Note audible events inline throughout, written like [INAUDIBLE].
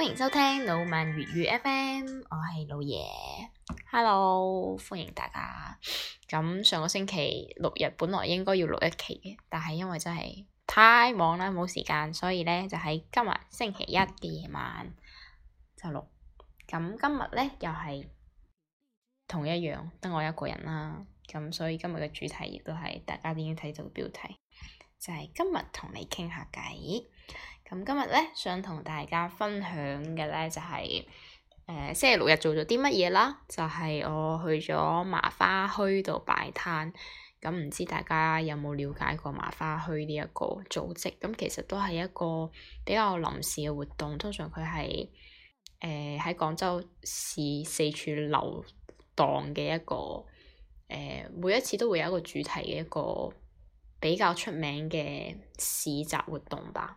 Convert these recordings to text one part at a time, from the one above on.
歡迎收聽老萬粵語 FM，我係老爺，Hello，歡迎大家。咁上個星期六日本來應該要錄一期嘅，但係因為真係太忙啦，冇時間，所以咧就喺今日星期一嘅夜晚就錄。咁今日咧又係同一樣，得我一個人啦。咁所以今日嘅主題亦都係大家點樣睇就標題。就係今日同你傾下偈，咁今日咧想同大家分享嘅咧就係誒星期六日做咗啲乜嘢啦，就係我去咗麻花墟度擺攤，咁唔知大家有冇了解過麻花墟呢一個組織？咁其實都係一個比較臨時嘅活動，通常佢係誒喺廣州市四處流蕩嘅一個誒、呃，每一次都會有一個主題嘅一個比較出名嘅市集活動吧。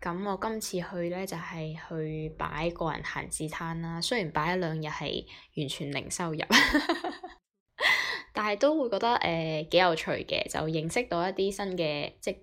咁我今次去呢，就係、是、去擺個人閒置攤啦。雖然擺一兩日係完全零收入， [LAUGHS] 但係都會覺得誒幾、呃、有趣嘅，就認識到一啲新嘅即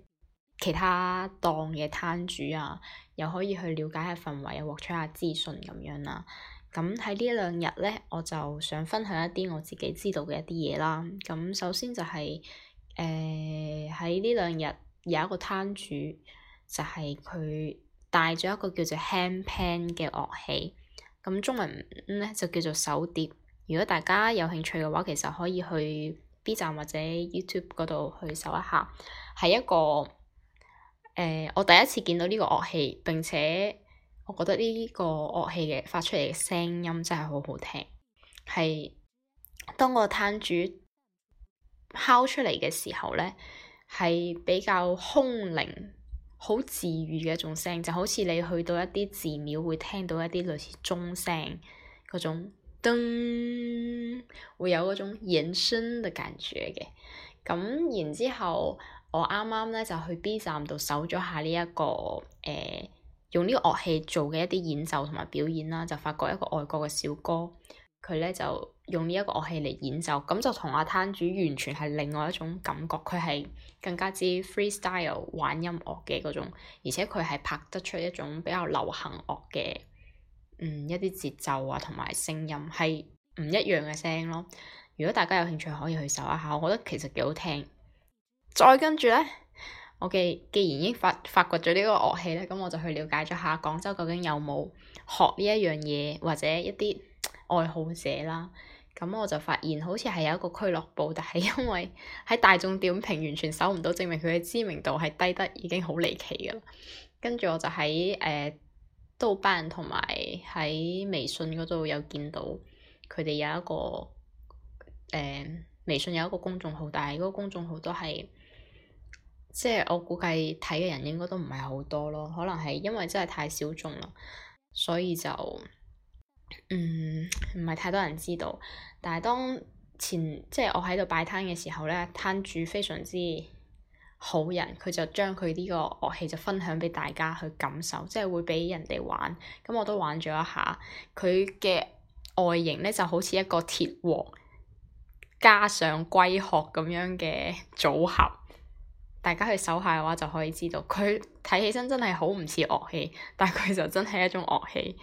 其他檔嘅攤主啊，又可以去了解下氛圍啊，又獲取下資訊咁樣啦。咁喺呢兩日呢，我就想分享一啲我自己知道嘅一啲嘢啦。咁首先就係、是。誒喺呢兩日有一個攤主，就係、是、佢帶咗一個叫做 handpan 嘅樂器，咁中文呢就叫做手碟。如果大家有興趣嘅話，其實可以去 B 站或者 YouTube 嗰度去搜一下，係一個誒、嗯、我第一次見到呢個樂器，並且我覺得呢個樂器嘅發出嚟嘅聲音真係好好聽，係當個攤主，敲出嚟嘅時候咧，係比較空靈、好治癒嘅一種聲，就好似你去到一啲寺廟會聽到一啲類似鐘聲嗰種，噔，會有嗰種延伸嘅感覺嘅。咁然之後，我啱啱咧就去 B 站度搜咗下呢、這、一個，誒、呃，用呢個樂器做嘅一啲演奏同埋表演啦，就發覺一個外國嘅小哥。佢咧就用呢一個樂器嚟演奏，咁就同阿攤主完全係另外一種感覺。佢係更加之 freestyle 玩音樂嘅嗰種，而且佢係拍得出一種比較流行樂嘅嗯一啲節奏啊，同埋聲音係唔一樣嘅聲咯。如果大家有興趣，可以去搜一下，我覺得其實幾好聽。再跟住咧，我、okay, 既既然已經發發掘咗呢個樂器咧，咁我就去了解咗下廣州究竟有冇學呢一樣嘢或者一啲。愛好者啦，咁我就發現好似係有一個俱樂部，但係因為喺大眾點評完全搜唔到，證明佢嘅知名度係低得已經好離奇嘅。跟住我就喺誒豆瓣同埋喺微信嗰度有見到佢哋有一個誒、呃、微信有一個公眾號，但係嗰個公眾號都係即係我估計睇嘅人應該都唔係好多咯，可能係因為真係太小眾啦，所以就。嗯，唔係太多人知道，但係當前即係我喺度擺攤嘅時候咧，攤主非常之好人，佢就將佢呢個樂器就分享俾大家去感受，即係會俾人哋玩。咁我都玩咗一下，佢嘅外形咧就好似一個鐵鍋加上龜殼咁樣嘅組合。大家去搜下嘅話就可以知道，佢睇起身真係好唔似樂器，但係佢就真係一種樂器。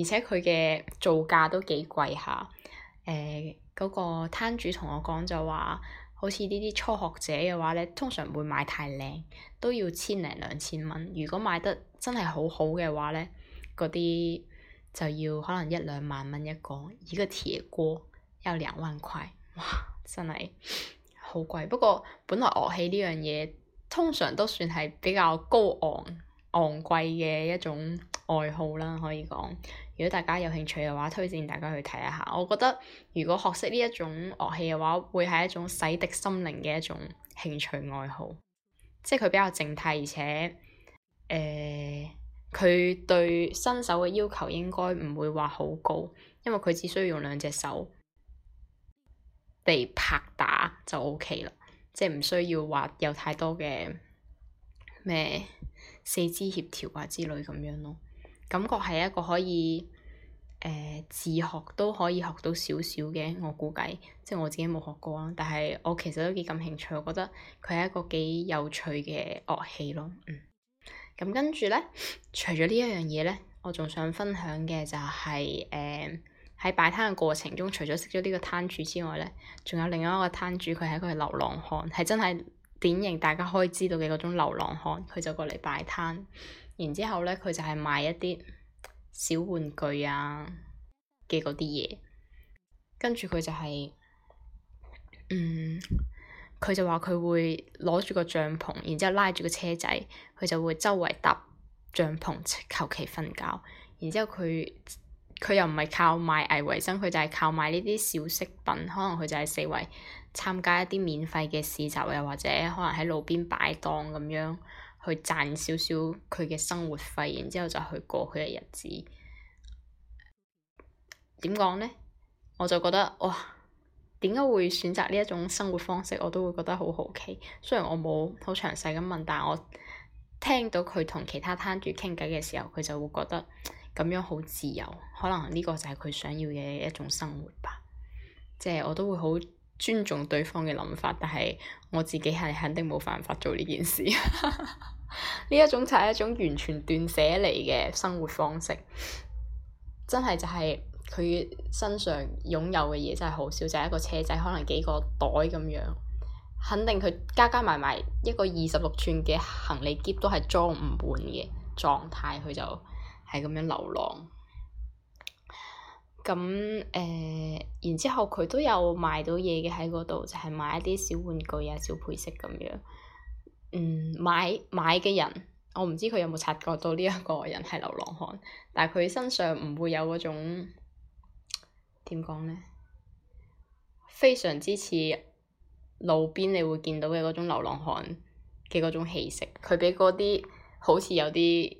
而且佢嘅造價都幾貴下，誒、呃、嗰、那個攤主同我講就話，好似呢啲初學者嘅話咧，通常會買太靚，都要千零兩千蚊。如果買得真係好好嘅話咧，嗰啲就要可能一兩萬蚊一個。而個鐵鍋有兩萬塊，哇！真係好貴。不過本來樂器呢樣嘢通常都算係比較高昂昂貴嘅一種愛好啦，可以講。如果大家有興趣嘅話，推薦大家去睇一下。我覺得如果學識呢一種樂器嘅話，會係一種洗滌心靈嘅一種興趣愛好。即係佢比較靜態，而且誒，佢、呃、對新手嘅要求應該唔會話好高，因為佢只需要用兩隻手嚟拍打就 OK 啦。即係唔需要話有太多嘅咩四肢協調啊之類咁樣咯。感覺係一個可以，誒、呃、自學都可以學到少少嘅，我估計，即係我自己冇學過啦，但係我其實都幾感興趣，我覺得佢係一個幾有趣嘅樂器咯，嗯。咁、嗯、跟住咧，除咗呢一樣嘢咧，我仲想分享嘅就係、是，誒、呃、喺擺攤嘅過程中，除咗識咗呢個攤主之外咧，仲有另外一個攤主，佢係一個流浪漢，係真係典型大家可以知道嘅嗰種流浪漢，佢就過嚟擺攤。然之後咧，佢就係賣一啲小玩具啊嘅嗰啲嘢，跟住佢就係、是，嗯，佢就話佢會攞住個帳篷，然之後拉住個車仔，佢就會周圍搭帳篷求其瞓覺。然之後佢佢又唔係靠賣藝為生，佢就係靠賣呢啲小飾品。可能佢就係四圍參加一啲免費嘅市集，又或者可能喺路邊擺檔咁樣。去賺少少佢嘅生活費，然之後就去過佢嘅日子。點講呢？我就覺得哇，點解會選擇呢一種生活方式？我都會覺得好好奇。雖然我冇好詳細咁問，但我聽到佢同其他攤主傾偈嘅時候，佢就會覺得咁樣好自由。可能呢個就係佢想要嘅一種生活吧。即係我都會好。尊重對方嘅諗法，但係我自己係肯定冇辦法做呢件事。呢 [LAUGHS] 一種就係一種完全斷捨離嘅生活方式，真係就係佢身上擁有嘅嘢真係好少，就係、是、一個車仔，可能幾個袋咁樣。肯定佢加加埋埋一個二十六寸嘅行李喼都係裝唔滿嘅狀態，佢就係咁樣流浪。咁誒、呃，然之後佢都有賣到嘢嘅喺嗰度，就係、是、賣一啲小玩具啊、小配飾咁樣。嗯，買買嘅人，我唔知佢有冇察覺到呢一個人係流浪漢，但係佢身上唔會有嗰種點講咧，非常之似路邊你會見到嘅嗰種流浪漢嘅嗰種氣息。佢比嗰啲好似有啲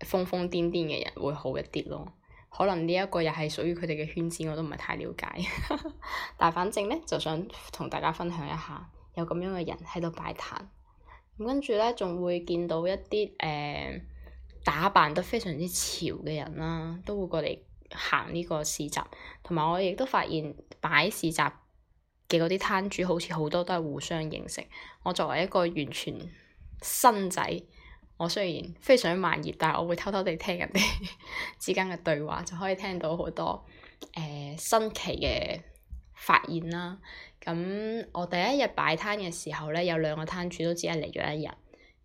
瘋瘋癲癲嘅人會好一啲咯。可能呢一個又係屬於佢哋嘅圈子，我都唔係太了解。 [LAUGHS] 但係反正咧，就想同大家分享一下有咁樣嘅人喺度擺攤咁，跟住咧仲會見到一啲誒、呃、打扮得非常之潮嘅人啦，都會過嚟行呢個市集。同埋我亦都發現擺市集嘅嗰啲攤主好似好多都係互相認識。我作為一個完全新仔。我雖然非常之慢熱，但係我會偷偷地聽人哋之間嘅對話，就可以聽到好多誒、呃、新奇嘅發現啦。咁我第一日擺攤嘅時候咧，有兩個攤主都只係嚟咗一日。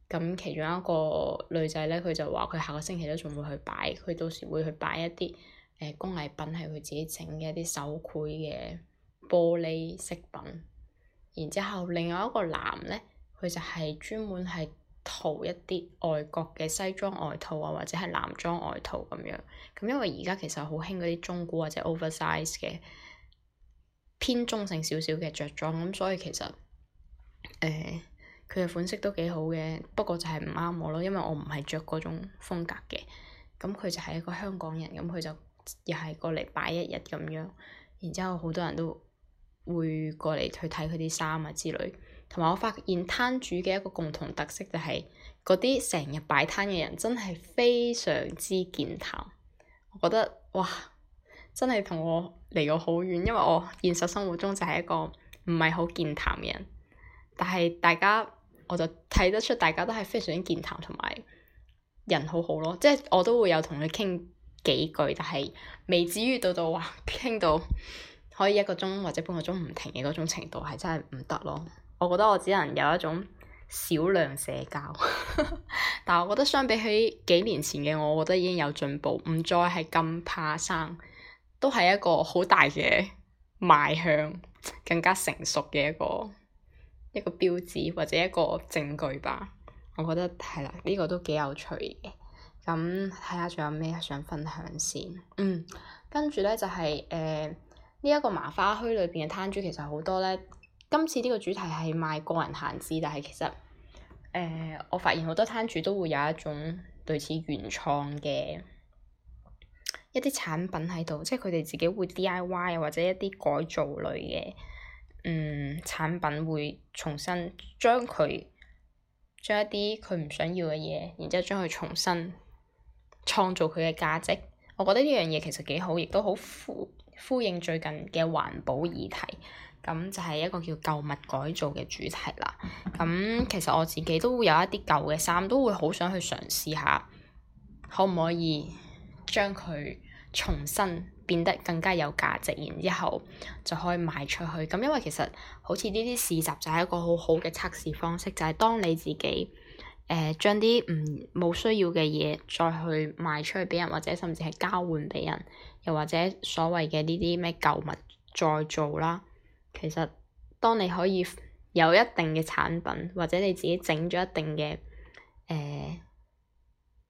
咁其中一個女仔咧，佢就話佢下個星期都仲會去擺，佢到時會去擺一啲誒、呃、工藝品，係佢自己整嘅一啲手繪嘅玻璃飾品。然之後，另外一個男咧，佢就係專門係。淘一啲外國嘅西裝外套啊，或者係男裝外套咁樣。咁、嗯、因為而家其實好興嗰啲中古或者 oversize 嘅，偏中性少少嘅着裝咁、嗯，所以其實誒佢嘅款式都幾好嘅。不過就係唔啱我咯，因為我唔係着嗰種風格嘅。咁、嗯、佢就係一個香港人，咁、嗯、佢就又係過嚟擺一日咁樣，然之後好多人都會過嚟去睇佢啲衫啊之類。同埋，我發現攤主嘅一個共同特色就係嗰啲成日擺攤嘅人真係非常之健談。我覺得哇，真係同我離我好遠，因為我現實生活中就係一個唔係好健談嘅人。但係大家，我就睇得出大家都係非常健談，同埋人好好咯。即係我都會有同佢傾幾句，但係未至於到到話傾到可以一個鐘或者半個鐘唔停嘅嗰種程度，係真係唔得咯。我覺得我只能有一種少量社交， [LAUGHS] 但我覺得相比起幾年前嘅我，我覺得已經有進步，唔再係咁怕生，都係一個好大嘅邁向更加成熟嘅一個一個標誌或者一個證據吧。我覺得係啦，呢個都幾有趣嘅。咁睇下仲有咩想分享先？嗯，跟住咧就係誒，呢一個麻花墟裏邊嘅攤主其實好多咧。今次呢個主題係賣個人閒置，但係其實，誒、呃，我發現好多攤主都會有一種類似原創嘅一啲產品喺度，即係佢哋自己會 D.I.Y.、啊、或者一啲改造類嘅，嗯，產品會重新將佢將一啲佢唔想要嘅嘢，然之後將佢重新創造佢嘅價值。我覺得呢樣嘢其實幾好，亦都好呼呼應最近嘅環保議題。咁就係一個叫舊物改造嘅主題啦。咁其實我自己都會有一啲舊嘅衫，都會好想去嘗試下，可唔可以將佢重新變得更加有價值，然之後就可以賣出去。咁因為其實好似呢啲市集就係一個好好嘅測試方式，就係、是、當你自己誒將啲唔冇需要嘅嘢再去賣出去畀人，或者甚至係交換畀人，又或者所謂嘅呢啲咩舊物再造啦。其實，當你可以有一定嘅產品，或者你自己整咗一定嘅，誒、呃，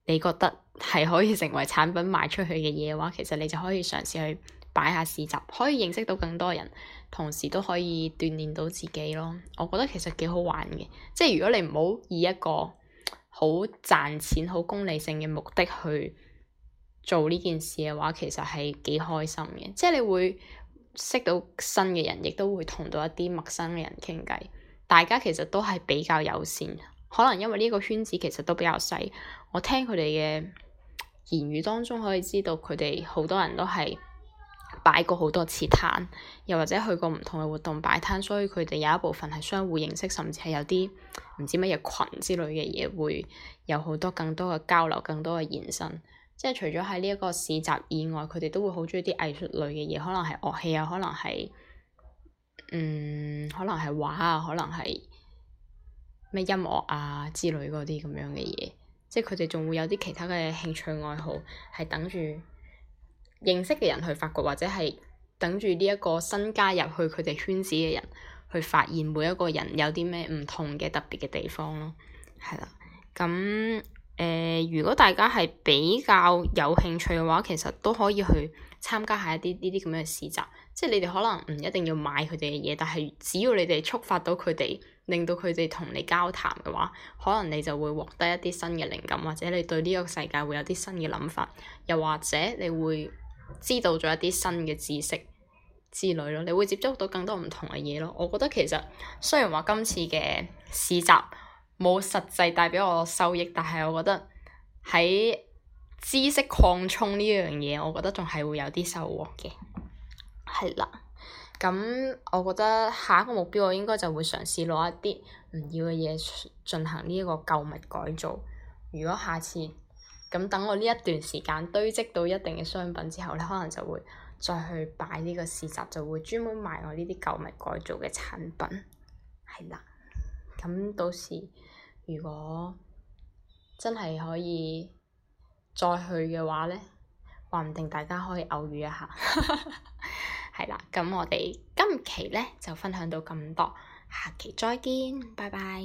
你覺得係可以成為產品賣出去嘅嘢嘅話，其實你就可以嘗試去擺下市集，可以認識到更多人，同時都可以鍛鍊到自己咯。我覺得其實幾好玩嘅，即係如果你唔好以一個好賺錢、好功利性嘅目的去做呢件事嘅話，其實係幾開心嘅，即係你會，識到新嘅人，亦都會同到一啲陌生嘅人傾偈。大家其實都係比較友善，可能因為呢個圈子其實都比較細。我聽佢哋嘅言語當中，可以知道佢哋好多人都係擺過好多次攤，又或者去過唔同嘅活動擺攤，所以佢哋有一部分係相互認識，甚至係有啲唔知乜嘢群之類嘅嘢，會有好多更多嘅交流，更多嘅延伸。即係除咗喺呢一個市集以外，佢哋都會好中意啲藝術類嘅嘢，可能係樂器啊，可能係，嗯，可能係畫啊，可能係咩音樂啊之類嗰啲咁樣嘅嘢。即係佢哋仲會有啲其他嘅興趣愛好，係等住認識嘅人去發掘，或者係等住呢一個新加入去佢哋圈子嘅人去發現每一個人有啲咩唔同嘅特別嘅地方咯。係啦，咁。誒、呃，如果大家係比較有興趣嘅話，其實都可以去參加一下一啲呢啲咁樣嘅市集。即係你哋可能唔一定要買佢哋嘅嘢，但係只要你哋觸發到佢哋，令到佢哋同你交談嘅話，可能你就會獲得一啲新嘅靈感，或者你對呢個世界會有啲新嘅諗法，又或者你會知道咗一啲新嘅知識之類咯，你會接觸到更多唔同嘅嘢咯。我覺得其實雖然話今次嘅市集，冇實際帶俾我收益，但係我覺得喺知識擴充呢樣嘢，我覺得仲係會有啲收穫嘅。係啦，咁我覺得下一個目標我應該就會嘗試攞一啲唔要嘅嘢進行呢一個舊物改造。如果下次咁等我呢一段時間堆積到一定嘅商品之後咧，可能就會再去擺呢個市集，就會專門賣我呢啲舊物改造嘅產品。係啦。咁到時，如果真係可以再去嘅話呢，話唔定大家可以偶遇一下，係 [LAUGHS] 啦。咁我哋今期呢就分享到咁多，下期再見，拜拜。